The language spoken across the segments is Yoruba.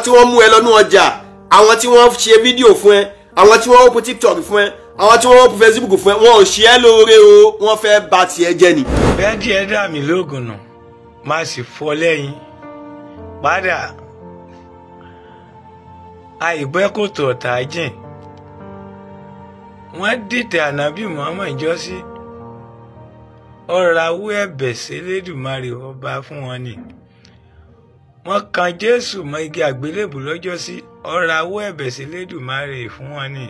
àwọn tí wọ́n mú ẹ lọ́nú ọjà àwọn tí wọ́n ṣe fídíò fún ẹ àwọn tí wọ́n open tiktok fún ẹ àwọn tí wọ́n open facebook fún ẹ wọn ò ṣe ẹ́ lóore o wọ́n fẹ́ bà tiẹ̀ jẹ́ ni. bẹ́ẹ̀ díẹ̀ dà mí lóògùn nù má sì fọ́ lẹ́yìn padà àìgbẹ́ kò tó ọ̀tá jìn wọ́n dìtẹ̀ ànábì muhammed jọ́sí ọ̀rọ̀ awú ẹ̀bẹ̀ sí ọba fún wọn ni wọ́n kan jésù mọ́ igi àgbélébù lọ́jọ́sí ó rawọ́ ẹ̀bẹ̀ sí Elédùmarè fún wọn ni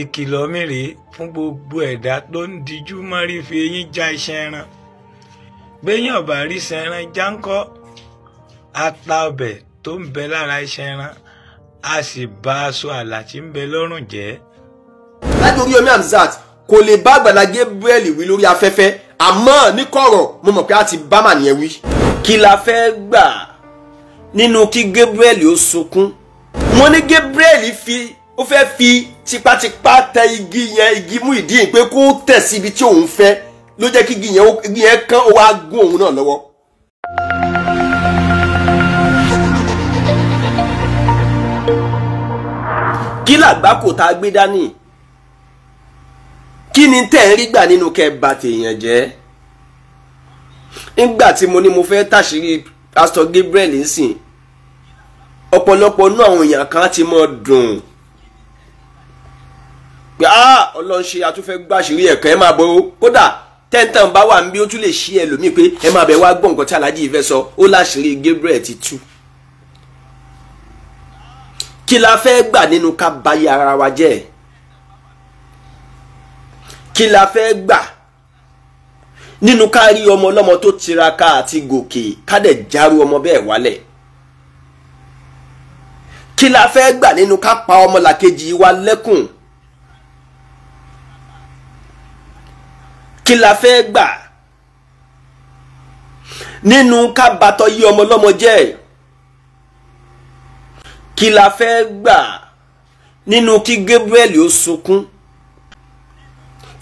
ìkìlọ̀ mi rèé fún gbogbo ẹ̀dá tó ń dijú mọ́rí fi eyín já iṣẹ́ ẹran gbẹ̀yìn ọ̀bà rí iṣẹ́ ẹran jáńkọ́ ata ọbẹ̀ tó ń bẹ lára iṣẹ́ ẹran a sì bà aṣọ àlà ń bẹ lọ́rùn jẹ́. láti orí omi Hamzat kò lè bá Àgbàlá Gabriel wí lórí afẹ́fẹ́ àmọ́ ní kọ̀rọ̀ mo mọ̀ pé a ti bá màníyẹn wí kí la fẹ́ gbà nínú kí Gabriel ó sunkún wọ́n ní Gabriel fi ó fẹ́ fi tipátipá tẹ igi yẹn igi mú ìdí yìí pé kó tẹ̀ sí ibi tí òun fẹ́ ló jẹ́ kí igi yẹn igi yẹn kán ó wá gún òun náà lọ́wọ́. kí làgbákò tá a gbé dání kí ni tẹ̀ ń rí gbà nínú kẹ́ bá tèèyàn jẹ́ nígbà tí mo ní mo fẹ́ tàṣírí Pastor Gabriel nsìn ọ̀pọ̀lọpọ̀ inú àwọn èèyàn kan ti mọ̀ dùn pé ah Ọlọ́run ṣe àtúnfẹ́ gbàṣírí ẹ̀kan ẹ máa bọ̀ ó kódà tẹ́ntàn bá wà níbi ó tún lè ṣí ẹlòmíì pé ẹ máa bẹ̀ wá gbọ́ nǹkan tí aláàjì ìfẹ́ sọ ó láṣìírí Gabriel ti tú kí la fẹ́ gbà nínú ká bayé ara wa jẹ́ kí la fẹ́ gbà nínú ká rí ọmọ ọlọ́mọ tó tiraka àti gòkè ká dẹ̀ járú ọmọ bẹ́ẹ̀ wálẹ̀ kí la fẹ́ gbà nínú ká pa ọmọlàkejì wa lẹ́kùn kí la fẹ́ gbà nínú ká batọ́ yí ọmọ ọlọ́mọ jẹ́ kí la fẹ́ gbà nínú kí Gabriel ó sunkún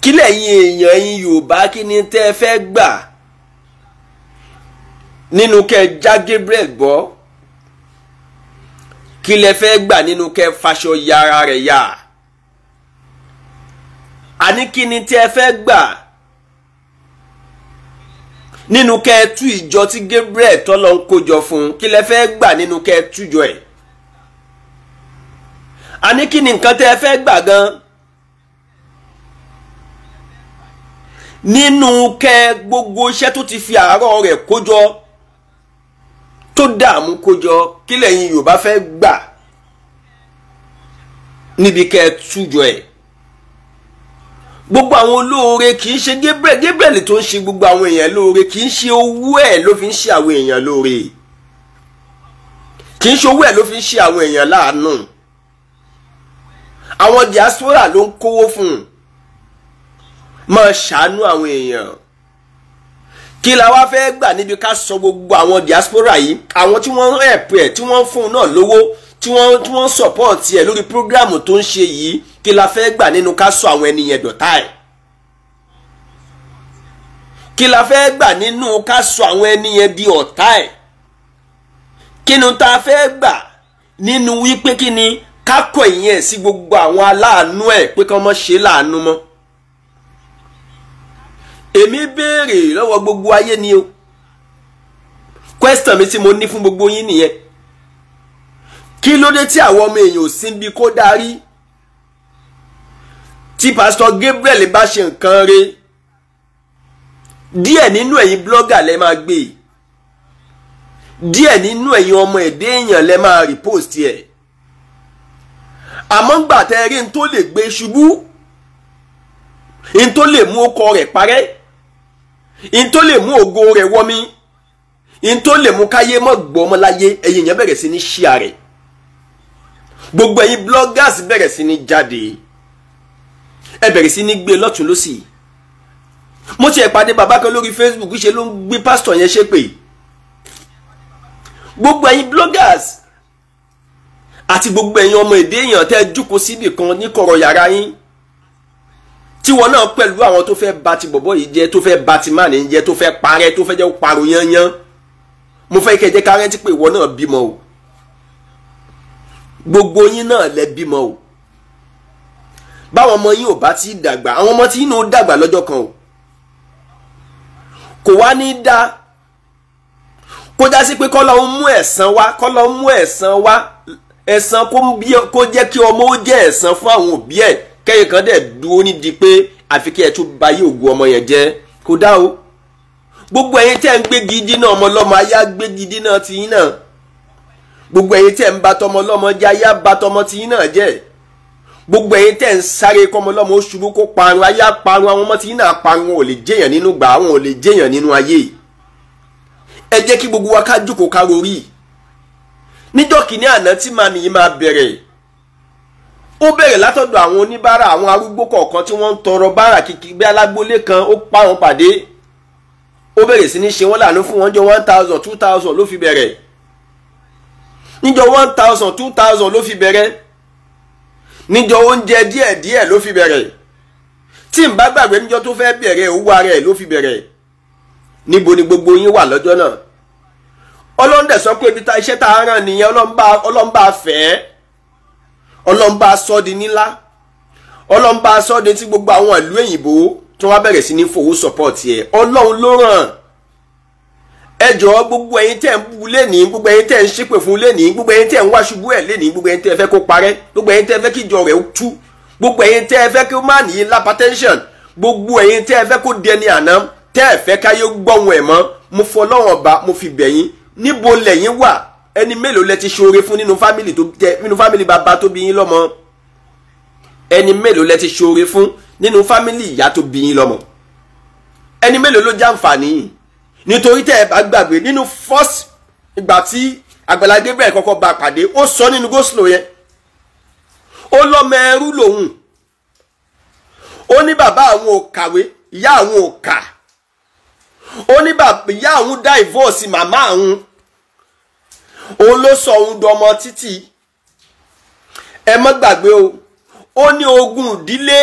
kílẹ̀ yín èèyàn ẹ̀yin yorùbá kí ni tẹ́ ẹ fẹ́ gbà nínú kẹ́ já Gabriel gbọ́ kí lẹ fẹ́ gbà nínú kẹ́ faṣọ ya ara rẹ̀ yá àní kí ni tẹ́ ẹ fẹ́ gbà nínú kẹ́ tú ìjọ tí Gabriel tọ́lọ́ ń kójọ fún kí lẹ fẹ́ gbà nínú kẹ́ tújọ ẹ̀ àní kí ni nǹkan tẹ́ ẹ fẹ́ gbà gan-an. nínú kẹ gbogbo iṣẹ́ tó ti fi àárọ̀ rẹ̀ kójọ tó dààmú kójọ kí lẹ́yìn Yorùbá fẹ́ gbà níbi kẹ tújọ ẹ̀ gbogbo àwọn olóore kì í ṣe Gabriel Gabriel tó ń ṣe gbogbo àwọn èèyàn lóore kì í ṣe owó ẹ̀ ló fi ń ṣe àwọn èèyàn lóore kì í ṣe owó ẹ̀ ló fi ń ṣe àwọn èèyàn láàánú àwọn diaspora ló ń kówó fún un máa ṣàánú àwọn èèyàn kí la wá fẹ́ gbà níbi ká sọ gbogbo àwọn diaspora yìí àwọn tí wọ́n ẹ̀pù ẹ̀ tí wọ́n fún un náà lówó tí wọ́n tí wọ́n support ẹ̀ lórí program tó ń ṣe yìí kí la fẹ́ gbà nínú ká sọ àwọn ènìyàn dọ̀tá ẹ̀ kí la fẹ́ gbà nínú ká sọ àwọn ènìyàn di ọ̀tá ẹ̀ kí ni tá a fẹ́ gbà nínú wípé kí ni ká kọ ìyẹn sí gbogbo àwọn aláàánú ẹ̀ pé kí wọ́n mọ̀ ṣe láàánú mọ́ èmi béèrè lọ́wọ́ gbogbo ayé ni o question mi tí mo ní fún gbogbo yín nìyẹn kí ló dé tí àwọn ọmọ èèyàn ò síbi kó darí tí pásítọ̀ Gabriel bá ṣe nǹkan re díẹ̀ nínú ẹ̀yin blogger lẹ máa gbé díẹ̀ nínú ẹ̀yin ọmọ ẹ̀dẹ́ èèyàn lẹ máa repost ẹ̀ àmọ́ ńgbà tẹ́ tó lè gbé ṣubú n tó lè mú ọkọ rẹ̀ parẹ́ in tó lè mú ògo rẹ̀ wọ́ mi in tó lè mú káyé mọ́ gbọ́ ọmọ láyé ẹ̀yin èèyàn bẹ̀rẹ̀ sí ní ṣíà rẹ̀ gbogbo ẹ̀yin bloggers bẹ̀rẹ̀ sí ní jáde ẹ bẹ̀rẹ̀ sí ní gbé lọ́tún lọ́sì mo ti ẹ̀ pàdé bàbá lórí Facebook ṣe ló ń gbé pásítọ̀ yẹn ṣépè gbogbo ẹ̀yin bloggers àti gbogbo ẹ̀yin ọmọ èdè èèyàn tẹ́ jókòó síbì kan níkọ̀rọ̀ yàrá yín tiwọn náà pẹ̀lú àwọn tó fẹ́ ba ti bọ̀bọ̀ yìí jẹ́ tó fẹ́ ba ti máà ní jẹ́ tó fẹ́ parẹ́ tó fẹ́ jẹ́ paro yányán mo fẹ́ kẹ́ jẹ́ ká rántí pé ìwọ náà bímọ o gbogbo yín náà lẹ bímọ o báwọn ọmọ yín ò bá ti dàgbà àwọn ọmọ tí yín náà dàgbà lọ́jọ́ kan o kò wá ní dá kó já sí pé kọ́lọ́ ń mú ẹ̀san wá kọ́lọ́ ń mú ẹ̀san wá ẹ̀san kó jẹ́ kí ọmọ ó jẹ́ ẹ̀san fún àwọn òbí ẹ̀ kẹ́yìn kan dẹ̀ dúró nídìí pé àfi kí ẹ tún ba yí ògùn ọmọ yẹn jẹ́ kó dá o gbogbo ẹ̀yin tẹ ń gbé gidi náà ọmọlọ́mọ ayá gbé gidi náà tiyín náà gbogbo ẹ̀yin tẹ ń ba tọmọlọ́mọ jẹ́ ayá ba tọmọ tiyín náà jẹ́ gbogbo ẹ̀yin tẹ ń sáré kọmọlọ́mọ ó ṣubú kó parun ayá parun àwọn ọmọ tiyín náà parun wọn ò lè jẹyàn nínú gbà wọn ò lè jẹyàn nínú ayé ẹ jẹ́ kí gbogbo wa ká jókòó ká rorí níjọ́ kìíní àná tí màmí yìí máa bẹ̀rẹ̀ ó bẹ̀rẹ̀ látọ̀dọ̀ àwọn oníbàárà àwọn arúgbó kọ̀ọ̀kan tí wọ́n ń tọrọ bárà kìkì bí alágbólé kan ó pa wọn pàdé ó bẹ̀rẹ̀ sí ní ṣe wọ́n láàánú fún wọn jọ one thousand two thousand ló fi bẹ̀rẹ̀ níjọ one thousand two thousand ló fi bẹ̀rẹ̀ níjọ oúnjẹ díẹ̀ díẹ̀ ló fi bẹ̀rẹ̀ tí n bá gbàgbé níjọ tó fẹ́ bẹ̀rẹ̀ owó ara ẹ̀ ló fi bẹ̀rẹ̀ níbo ni gbogbo yín wà lọ́jọ́ náà ọlọ́ndẹ̀ sọ pé ibi ta iṣẹ́ tá a nìyẹn ọlọ́mbà ọlọ́mbà fẹ́ẹ́ ọlọ́run bá sọ di nílá ọlọ́run bá sọ di tí gbogbo àwọn ìlú òyìnbó tí wọ́n bẹ̀rẹ̀ sí ní fowó support yẹ ọlọ́run ló ràn ẹ jọ̀ọ́ gbogbo ẹ̀yin tẹ́ ń bu lẹ́nìí gbogbo ẹ̀yin tẹ́ ń ṣépè fún lẹ́nìí gbogbo ẹ̀yin tẹ́ ń wá ṣubú ẹ̀ lẹ́nìí gbogbo ẹ̀yin tẹ́ fẹ́ kó parẹ́ gbogbo ẹ̀yin tẹ́ fẹ́ kí ìjọ rẹ̀ tú gbogbo ẹ̀yin tẹ́ fẹ́ kí ó má ní hypertension gbogbo ẹ̀yin tẹ́ fẹ́ kó dẹni àná tẹ́ fẹ́ káyé gbọ́hùn ẹ̀ mọ́ mo fọlọ́wọ̀n bá mo fi bẹ̀yìn níbo lẹ̀yin wà ẹni mélòó lẹ ti ṣoore fún nínú fámìlì tó jẹ nínú fámìlì bàbá tó bí yín lọ́mọ ẹni mélòó lẹ ti ṣoore fún nínú fámìlì ìyá tó bí yín lọ́mọ ẹni mélòó ló jàǹfààní yìí nítorí tẹ́ ẹ bá gbàgbé nínú first ìgbà tí Àgbàlá Gabriel kọ́kọ́ bá pàdé ó sọ nínú goslo yẹn ó lọ́mọ ẹrú lòun ó ní bàbá àwọn ò kàwé ìyá àwọn ò kà ó ní bàbá ìyá àwọn dá ìvọ́ọ̀sì màmá àwọn òun ló sọ òun dọmọ títì ẹ má gbàgbé o ó ní ogún ìdílé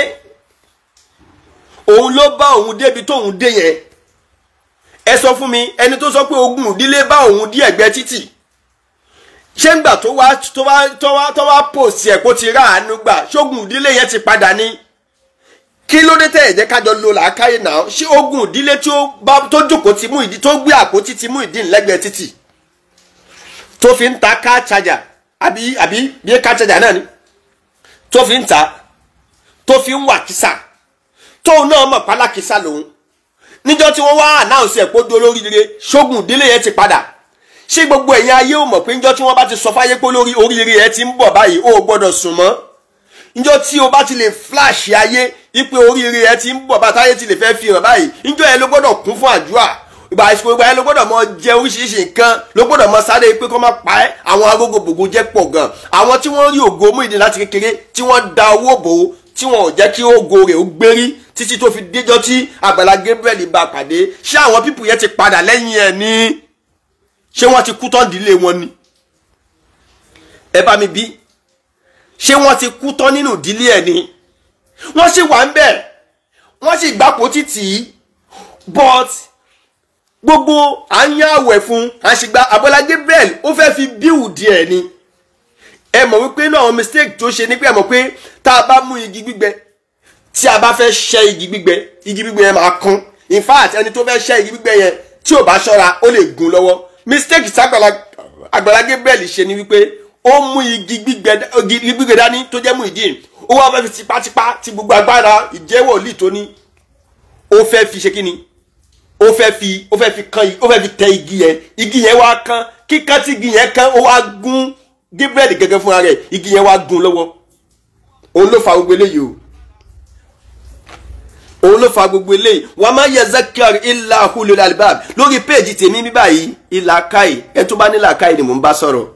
òun ló bá òun débi tóun dé yẹn ẹ sọ fún mi ẹni tó sọ pé ogún ìdílé bá òun dí ẹ̀gbẹ́ títì ṣé ńgbà tó wá tó wá tó wá tó wá pòsì ẹ̀ kó ti ráàánú gbà ṣógun ìdílé yẹn ti padà ní kí ló dé tẹ ẹ kájọ lo làákàyè náà ṣé ogún ìdílé tó jókòó ti mú ìdí tó gbé àpótí ti mú ìdí ńlẹ́gbẹ̀ẹ́ títì tó fi ń ta car charger àbí àbí bí car charger náà ni tó fi ń ta tó fi ń wà kísà tóun náà mọ̀ pálákísà lòun níjọ́ tí wọ́n wá ànáùnsì ẹ̀ pójú olóríire ṣógun ìdílé yẹn ti padà ṣé gbogbo ẹ̀yin ayé ò mọ̀ pé níjọ́ tí wọ́n bá ti sọ fáyé pé lórí oríire yẹn ti ń bọ̀ báyìí ó gbọ́dọ̀ sùn mọ́ níjọ́ tí o bá ti lè flash ayé ipe oríire yẹn ti ń bọ̀ bá táyé ti lè fẹ́ fi hàn báyìí níjọ́ yẹn ló gbọ́dọ̀ kún fún àdúrà ìgbà àsìkò ìgbà yẹn ló gbọ́dọ̀ mọ jẹ oríṣiríṣi nǹkan ló gbọ́dọ̀ mọ sáré pé kó má pa ẹ́ àwọn agogo bògo jẹ́ pọ̀ gan àwọn tí wọ́n rí ògo Muyideen láti kékeré tí wọ́n da owó bò ó tí wọn ò jẹ́ kí ògo rẹ̀ ó gbérí títí tó fi déjọ́ tí Àgbàlá Gabriel bá pàdé ṣé àwọn pípù yẹn ti padà lẹ́yìn ẹ̀ ni ṣé wọ́n ti kú tán ìdílé wọn ni ẹ bá mi bí ṣé wọ́n ti kú tán nínú ìdílé ẹ̀ ni wọ́n sì wà ń bẹ̀ wọ́n sì gbapò títì but gbogbo à ń yá àwẹ̀ fún àṣìgbà abọ́lá Gabriel ó fẹ́ fi bíwùdí ẹ̀ ni ẹ mọ̀ wípé náà àwọn mistake tó ṣe nígbà mọ̀ pé tá a bá mú igi gbígbẹ tí a bá fẹ́ ṣẹ́ igi gbígbẹ igi gbígbẹ yẹn máa kún in fact ẹni tó fẹ́ ṣẹ́ igi gbígbẹ yẹn tí ò bá ṣọ́ra ó lè gún lọ́wọ́ mistake tí Agbala Gabriel ṣe ni wípé ó mú igi gbígbẹ dání tó jẹ́ Muyideen ó wá fẹ́ fi tipátipá ti gbogbo agbára ìjẹ́wọ̀lì tó ní ó fẹ́ fi ṣe kí ni ó fẹ́ fi ó fẹ́ fi kan ó fẹ́ fi tẹ igi yẹn igi yẹn wá kán kíkán tí igi yẹn kán ó wá gún Gabriel gẹ́gẹ́ fúnra rẹ̀ igi yẹn wá gún lọ́wọ́ òun ló fa gbogbo eléyìí o òun ló fa gbogbo eléyìí wa ma yazakar illa hulul albab lórí péèjì tèmi mi báyìí ìlà káì ẹ tó bá nílà káì ni mò ń bá sọ̀rọ̀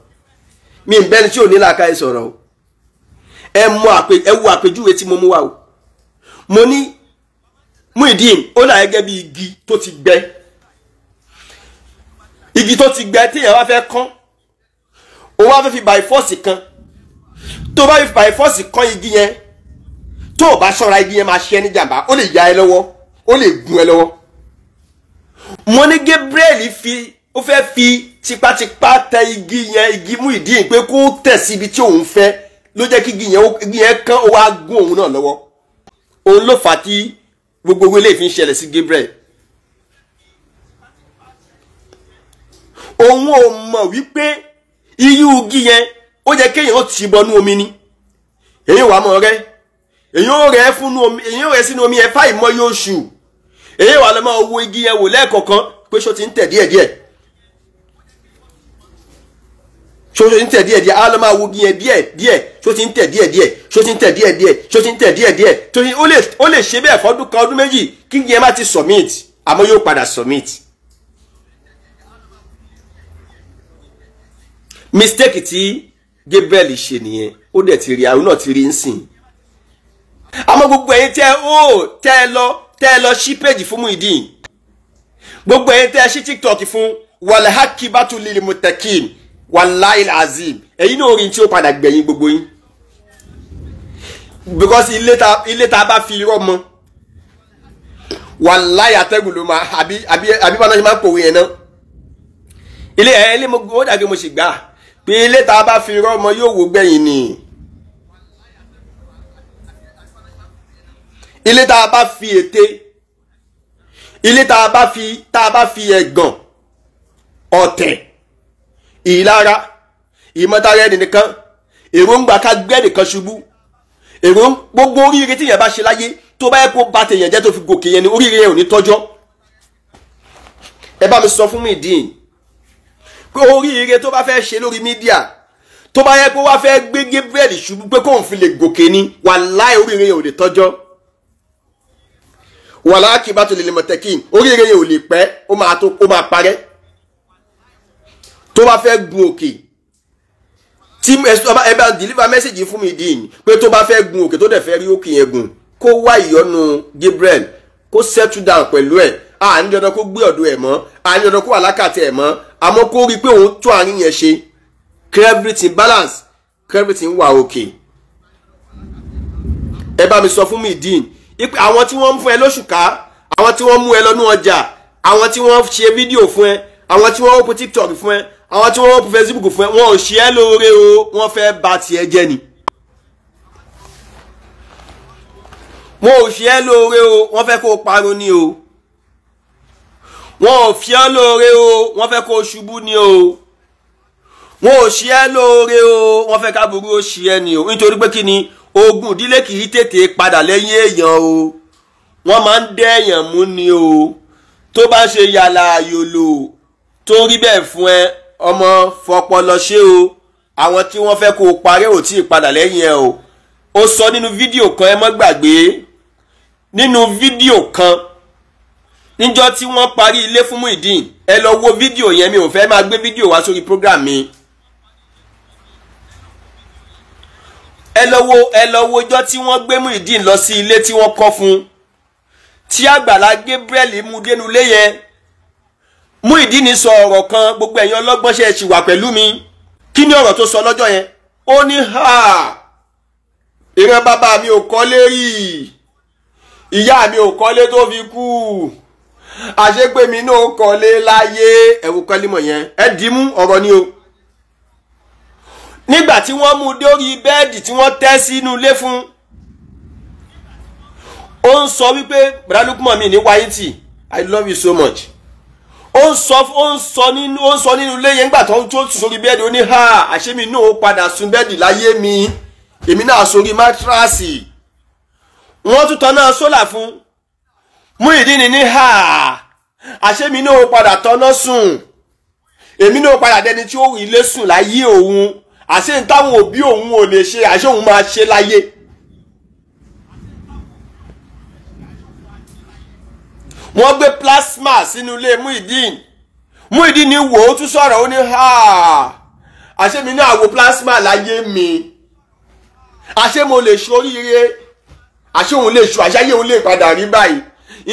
mi ń bẹ́ni tí ò nílà káì sọ̀rọ̀ o ẹ mọ àpè ẹ wo àpèjúwe tí mo mú wa o mo ní Muyideen ó dà gẹ́gẹ́ bí igi tó ti gbẹ igi tó ti gbẹ téèyàn wá fẹ́ kán ó wá fẹ́ fi by force kan tó bá fi by force kán igi yẹn tó o bá ṣọ́ra igi yẹn máa ṣe ẹ́ ní jàmbá ó lè ya ẹ lọ́wọ́ ó lè gun ẹ lọ́wọ́ wọ́n ní Gabriel fi ó fẹ́ fi tipátipá tẹ igi yẹn igi Muyideen pé kó tẹ̀ sí ibi tí òun fẹ́ ló jẹ́ kí igi yẹn kán ó wá gún òun náà lọ́wọ́ òun ló fà á tí gbogbo owó lè fi ń ṣẹlẹ̀ sí Gabriel òun ò mọ̀ wípé iyú igi yẹn ó jẹ́ kéèyàn ti bọnú omi ni èyí wàá mọ̀ rẹ́ èyí ò rẹ́ fúnú omi èyí ò rẹ́ sínú omi yẹn fáìmọ́ yóò ṣù èyí wàá lọ́mọ owó igi yẹn wò lẹ́ẹ̀kọ̀ọ̀kan pé ṣó ti ń tẹ̀ díẹ̀díẹ̀ ṣó ti ń tẹ̀ díẹ̀ díẹ̀ alama wo yẹn díẹ̀ díẹ̀ ṣó ti ń tẹ̀ díẹ̀ díẹ̀ ṣó ti ń tẹ̀ díẹ̀ díẹ̀ ṣó ti ń tẹ̀ díẹ̀ díẹ̀ tó ti ó lè ṣe bẹ́ẹ̀ kan ọdún méjì kí yẹn má ti submit àmọ́ yóò padà submit. mistake tí Gabriel ṣe nìyẹn ó dẹ̀ ti rí àwọn náà ti rí ń sìn àmọ́ gbogbo ẹ̀yin tẹ́ ó tẹ́ ẹ lọ tẹ́ ẹ lọ ṣí péjì fún Muyideen gbogbo ẹ̀yin tẹ́ ẹ ṣí TikTok fún wàlẹ̀ hákì bá tún wàláìl azim ẹ̀yin náà orin tí ó padà gbẹ̀yìn gbogbo yín because ilé ta ilé ta bá fi irọ́ mọ wàláì àtẹ́gùn ló máa àbí àbí àbí báwọn ṣe máa ń pòwe yẹn náà ilé ẹ̀ ilé mo ó dàgbé mo sì gbà pé ilé ta bá fi irọ́ mọ yóò wó gbẹ̀yìn ni ilé ta bá fi ète ilé ta bá fi ta bá fi ẹ̀gàn ọ̀tẹ̀ ìlara ìmọ̀tara ẹnìkan èròǹgbà ká gbé ẹnìkan ṣubú èrò gbogbo oríire tí yẹn bá ṣe láyé tó bá yẹ kó ba tèèyàn jẹ́ tó fi gòkè yẹn ni oríire yẹn ò ní tọ́jọ́ ẹ bá mi sọ fún mi dín pé oríire tó bá fẹ́ ṣe lórí mídíà tó bá yẹ kó wá fẹ́ gbé Gabriel ṣubú pé kóun fi lè gòkè ni wàláì oríire yẹn ò lè tọ́jọ́ wàláì kí bá tó lè lè mọ̀tẹ́kì oríire yẹn ò lè pẹ́ ó máa parẹ́ tó bá fẹ́ gun òkè tí ẹ bá deliver message fún mi dín pé tó bá fẹ́ gun òkè tó dẹ̀ fẹ́ rí òkè yẹn gùn kó wá ìyọnu Gabriel kó settle down pẹ̀lú ẹ̀ à ní dandan kó gbé ọ̀dọ̀ ẹ̀ mọ́ à ní dandan kó wà lákàtà ẹ̀ mọ́ àmọ́ kó rí i pé òun tún àárín yẹn ṣe everything balance everything wà òkè ẹ bá mi sọ fún mi dín ipe àwọn tí wọ́n ń fún ẹ lóṣù ká àwọn tí wọ́n mú ẹ lọ́nú ọjà àwọn tí wọ́n ṣe fídíò fún ẹ àwọn tí wọ́n ó pe TikTok fún ẹ àwọn tí wọ́n wọ́pù Facebook fún ẹ wọn ò ṣe é lóore o wọ́n fẹ́ bà tiẹ̀ jẹ́ ni wọn ò ṣe é lóore o wọ́n fẹ́ kó parun ni o wọn ò fi ẹ́ lóore o wọ́n fẹ́ kó ṣubú ni o wọn ò ṣe é lóore o wọ́n fẹ́ káburú ó ṣe é ni o nítorí pé kí ni ogun ìdílé kì í tètè padà lẹ́yìn èèyàn o wọ́n máa ń dẹ́ èèyàn mú ni o tó bá ṣe yàlà àyòlò tó rí bẹ́ẹ̀ fún ẹ ọmọ fọpọlọ ṣe o àwọn tí wọ́n fẹ́ kó o parẹ́ ò tí ì padà lẹ́yìn ẹ o ó sọ nínú fídíò kan ẹ mọ́ gbàgbé nínú fídíò kan níjọ́ tí wọ́n parí ilé fún Muyideen ẹ lọ wo fídíò yẹn mi ò fẹ́ máa gbé fídíò wá sórí program mi. ẹ lọ wo ẹ lọ wo ọjọ́ tí wọ́n gbé Muyideen lọ sí ilé tí wọ́n kọ́ fún tí Àgbàlá Gabriel mú dénú lé yẹn Muyideen sọ ọ̀rọ̀ kan gbogbo ẹ̀yin ọlọ́gbọ́n ṣe ti wà pẹ̀lú mi kí ni ọ̀rọ̀ tó sọ lọ́jọ́ yẹn ó ní ha ìran bàbá mi ò kọ́lé rí ìyá mi ò kọ́lé tó fi kú àṣepé mi náà kọ́lé láyé ẹ̀wù kọ́límọ̀ yẹn ẹ dìímú ọ̀rọ̀ ni o nígbà tí wọ́n mú dórí bẹ́ẹ̀dì tí wọ́n tẹ́ sínú ilé fún ó ń sọ wípé bradley kumami ní wáyé I love you so much ó ń sọ ó ń sọ nínú ó ń sọ nínú ilé yẹn nígbà tó ń tó sùn sórí bẹ́ẹ̀dì ó ní ha àṣémi náà ó padà sun bẹ́ẹ̀dì láyé mi èmi náà sórí mátíráàsì wọ́n tún tọ́ná sólà fún Muyideen ní ha àṣémi náà ó padà tọ́ná sùn èmi náà ó padà dẹni tí ó rí ilé sùn láyé òun àṣé ní táwọn òbí òun ò lè ṣe àṣé òun máa ṣe láyé wọ́n gbé plasma sínú ilé Muideen Muideen ni wò ó tún sọ̀rọ̀ ó ní ha àṣé mi náà wo plasma láyé mi àṣé mo lè ṣoríire àṣé òun lè ṣo àṣáyé òun lè padà rí báyìí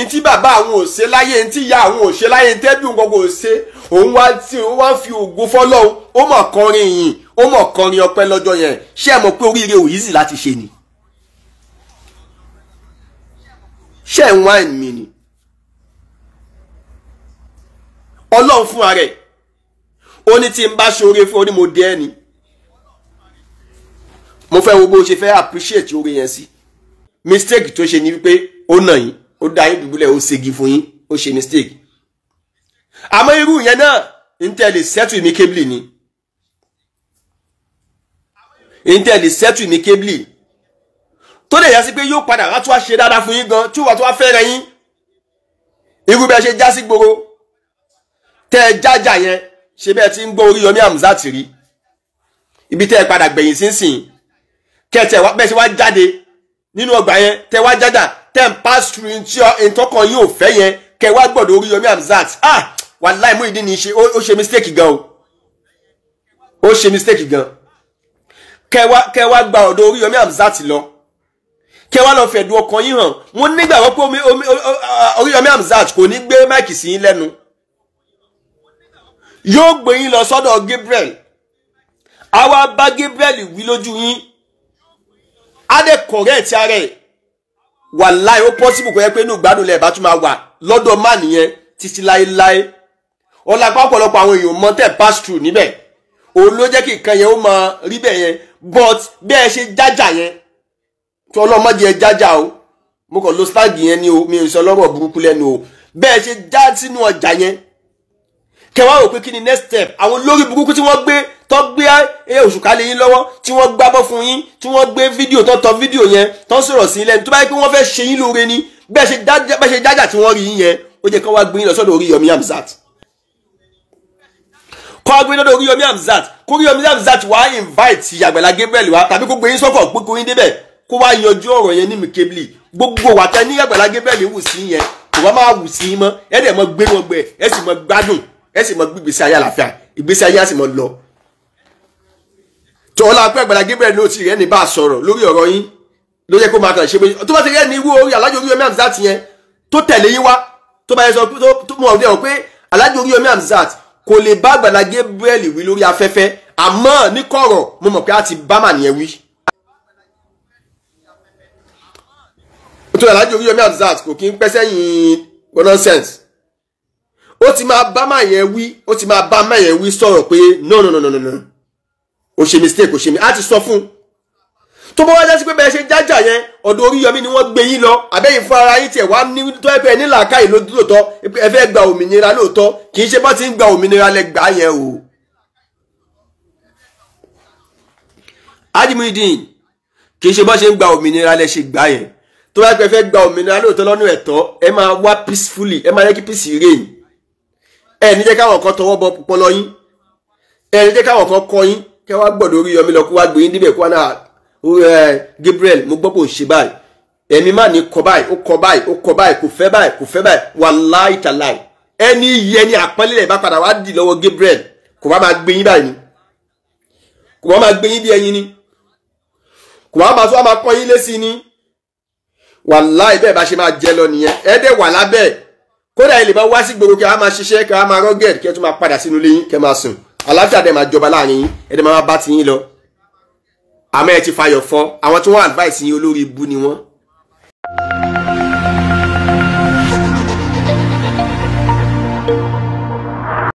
ntí bàbá àwọn ò ṣe láyé ntí ìyá àwọn ò ṣe láyé ntẹ́bí nǹkan kò ṣe òun wá tí òun wá fi ògùn fọlọ́hún ó mọ̀ kọrin yìí ó mọ̀ kọrin ọpẹ́ lọ́jọ́ yẹn ṣé ẹ mọ̀ pé oríire ò easy láti ṣe ni ṣé ẹ̀ ń wá ẹ̀mí ni ọlọ́run fúnra rẹ̀ ó ní tí n bá ṣoore fún ọ ní mo dé ẹ ni mo fẹ́ wo bó ṣe fẹ́ appreciate oore yẹn sí mistake tó ṣe ni wípé ó nà yín ó dá yín dùbúlẹ̀ ó ṣègi fún yín ó ṣe mistake àmọ́ irú yẹn náà n settle mi kébìlì ni n tẹ́ lè settle mi kébìlì tó lè yá sí pé yóò padà wá tó wá ṣe dáadáa fún yín gan tí ó wà tó wá fẹ́ràn yín irú bẹ́ẹ̀ ṣe já sí gbòòrò tẹ́ ẹ jájà yẹn ṣe bẹ́ẹ̀ ti ń gbọ́ Oríyọmí Hamzat rí ibi tẹ́ ẹ padà gbẹ̀yìn sínsìn kẹtẹ bẹ́ẹ̀ ṣe wá jáde nínú ọgbà yẹn tẹ́ wá jájà tẹ́ ń pass through ntí ntọ́kàn yóò fẹ́ yẹn kẹ́ wá gbọ́dọ̀ Oríyọmí Hamzat ah wàláì Muyideen ní ṣe ó ṣe mistake gan o ó ṣe mistake gan kẹ́ wá kẹ́ wá gba ọ̀dọ̀ Oríyọmí Hamzat lọ kẹ́ wá lọ fẹ̀dùn ọkàn yín hàn wọ́n nígbàgbọ́ pé Oríyọmí Hamzat kò ní gbé máìkì sí yín lẹ́nu yóò gbé yín lọ sọ́dọ̀ Gabriel àwa bá Gabriel wí lójú yín á dẹ̀ correct ara ẹ̀ wàláì ó possible kò yẹ pé inú ìgbádùn lẹ́ẹ̀bá tún máa wà lọ́dọ̀ má nìyẹn títí láéláé ọ̀làpá ọ̀pọ̀lọpọ̀ àwọn èèyàn mọ tẹ̀ pass through òun ló jẹ́ kí nǹkan yẹn ó máa rí bẹ́ẹ̀ yẹn but bẹ́ ẹ ṣe jájà yẹn tí ọlọ́mọdé ẹ jájà o mo kàn lo stand yẹn ni o mi ò sọ lọ́rọ̀ burúkú lẹ́nu o bẹ́ ẹ ṣe já sínú ọjà yẹn kẹwàá wò pé kí ni next step àwọn lórí burúkú tí wọ́n gbé tó gbé ẹ oṣù kálẹ̀ yín lọ́wọ́ tí wọ́n gbábọ́ fún yín tí wọ́n gbé fídíò tó tọ fídíò yẹn tó ń sọ̀rọ̀ sí lẹ́nu tó bá yẹ kí wọ́n fẹ́ ṣe yín lóore ni bẹ́ẹ̀ ṣe jájà tí wọ́n rí yín yẹn ó jẹ́ kí wọ́n wá gbé yín lọ sọ́dọ̀ Oríyọmí Hamzat kọ́ gbé lọ́dọ̀ Oríyọmí Hamzat kó Oríyọmí Hamzat wá invite Àgbàlá Gabriel wá tàbí kó gbé yín sọ́kọ̀ pé kó yín débẹ̀ kó wá yanjú ọ̀rọ̀ yẹn ní mìkébìlì gbogbo wàtẹ́ ní Àgbàlá Gabriel wù sí yẹn kò wá máa wù sí yín mọ́ ẹ̀ dẹ̀ mọ́ gbé wọn gbẹ ẹ̀ sì mọ́ gbádùn ẹ sì mọ gbígbèsè ayé àlàáfíà ìgbésí ayé á sì mọ lọ. tọ́lá pé Àgbàlá Gabriel ní òtí rẹ̀ ní bá a sọ̀rọ̀ lórí ọ̀rọ̀ yín ló yẹ kó máa kàn ṣe pé tó bá ti rẹ́ ní irú orí alájọ Oríyọmí Hamzat yẹn tó tẹ̀lé yín wá tó bá yẹ sọ tó mọ̀ ọ́ dẹ́wọ̀ pé alájọ Oríyọmí Hamzat kò lè bá Àgbàlá Gabriel wí lórí afẹ́fẹ́ àmọ́ ní kọ̀rọ̀ mo mọ̀ pé a ti bá mànìyẹn wí. tó alájọ Oríyọmí Hamzat kò kí ń nonsense ó ti máa bá má yẹn wí ó ti máa bá má wí sọ̀rọ̀ pé no no no no no no ó ṣe mistake ó ṣe mi á ti sọ fún un tó bá wá jásí pé bẹ́ẹ̀ ṣe jájà yẹn ọ̀dọ̀ Oríyọmí ni wọ́n gbé yín lọ àbẹ́yìn fún ara yín tiẹ̀ wá ní tó ẹ bẹ́ẹ̀ ní làákàyè lóòótọ́ ẹ fẹ́ gba òmìnira lóòótọ́ kì í ṣe bá ti ń gba òmìnira lẹ gbà yẹn o. Ajimudin kì í ṣe bá ṣe ń gba òmìnira lẹ ṣe gbà yẹn tó bá pẹ́ fẹ́ gba òmìnira lóòótọ́ lọ́nà ẹ̀tọ́ ẹ máa wá peacefully ẹ máa yẹ kí peace reign ẹ ní jẹ́ káwọn kan tọwọ́ bọ pọpọlọ yín ẹ ní jẹ́ káwọn kan kọ yín kẹ́ wá gbọ́dọ̀ orí yọmí lọ kó wá gbé yín níbẹ̀ kó wá náà Gabriel mo gbọ́ pé ò ń ṣe báyìí ẹ̀mí má ní kọ báyìí ó kọ báyìí ó kọ báyìí kò fẹ́ báyìí kò fẹ́ báyìí wàláì tàláì ẹni yìí ẹni àpọ́nlé bá padà wá dì lọ́wọ́ Gabriel kò bá máa gbé yín báyìí ni kò bá máa gbé yín bí ẹyin ni kò bá máa tún wá máa pọ́n yín lé kódà ilé bá wá sí gbogbo kí a máa ṣiṣẹ́ kí a máa rọ́gẹ̀d kí ẹ tún máa padà sínú ilé yín kí ẹ máa sùn àlàáfíà dẹ̀ máa jọba láàrin yín ẹ dẹ̀ máa bá ti yín lọ àmọ́ ẹ ti fayọ̀ fọ́ àwọn tí wọ́n advice yín olórí ibu ni wọ́n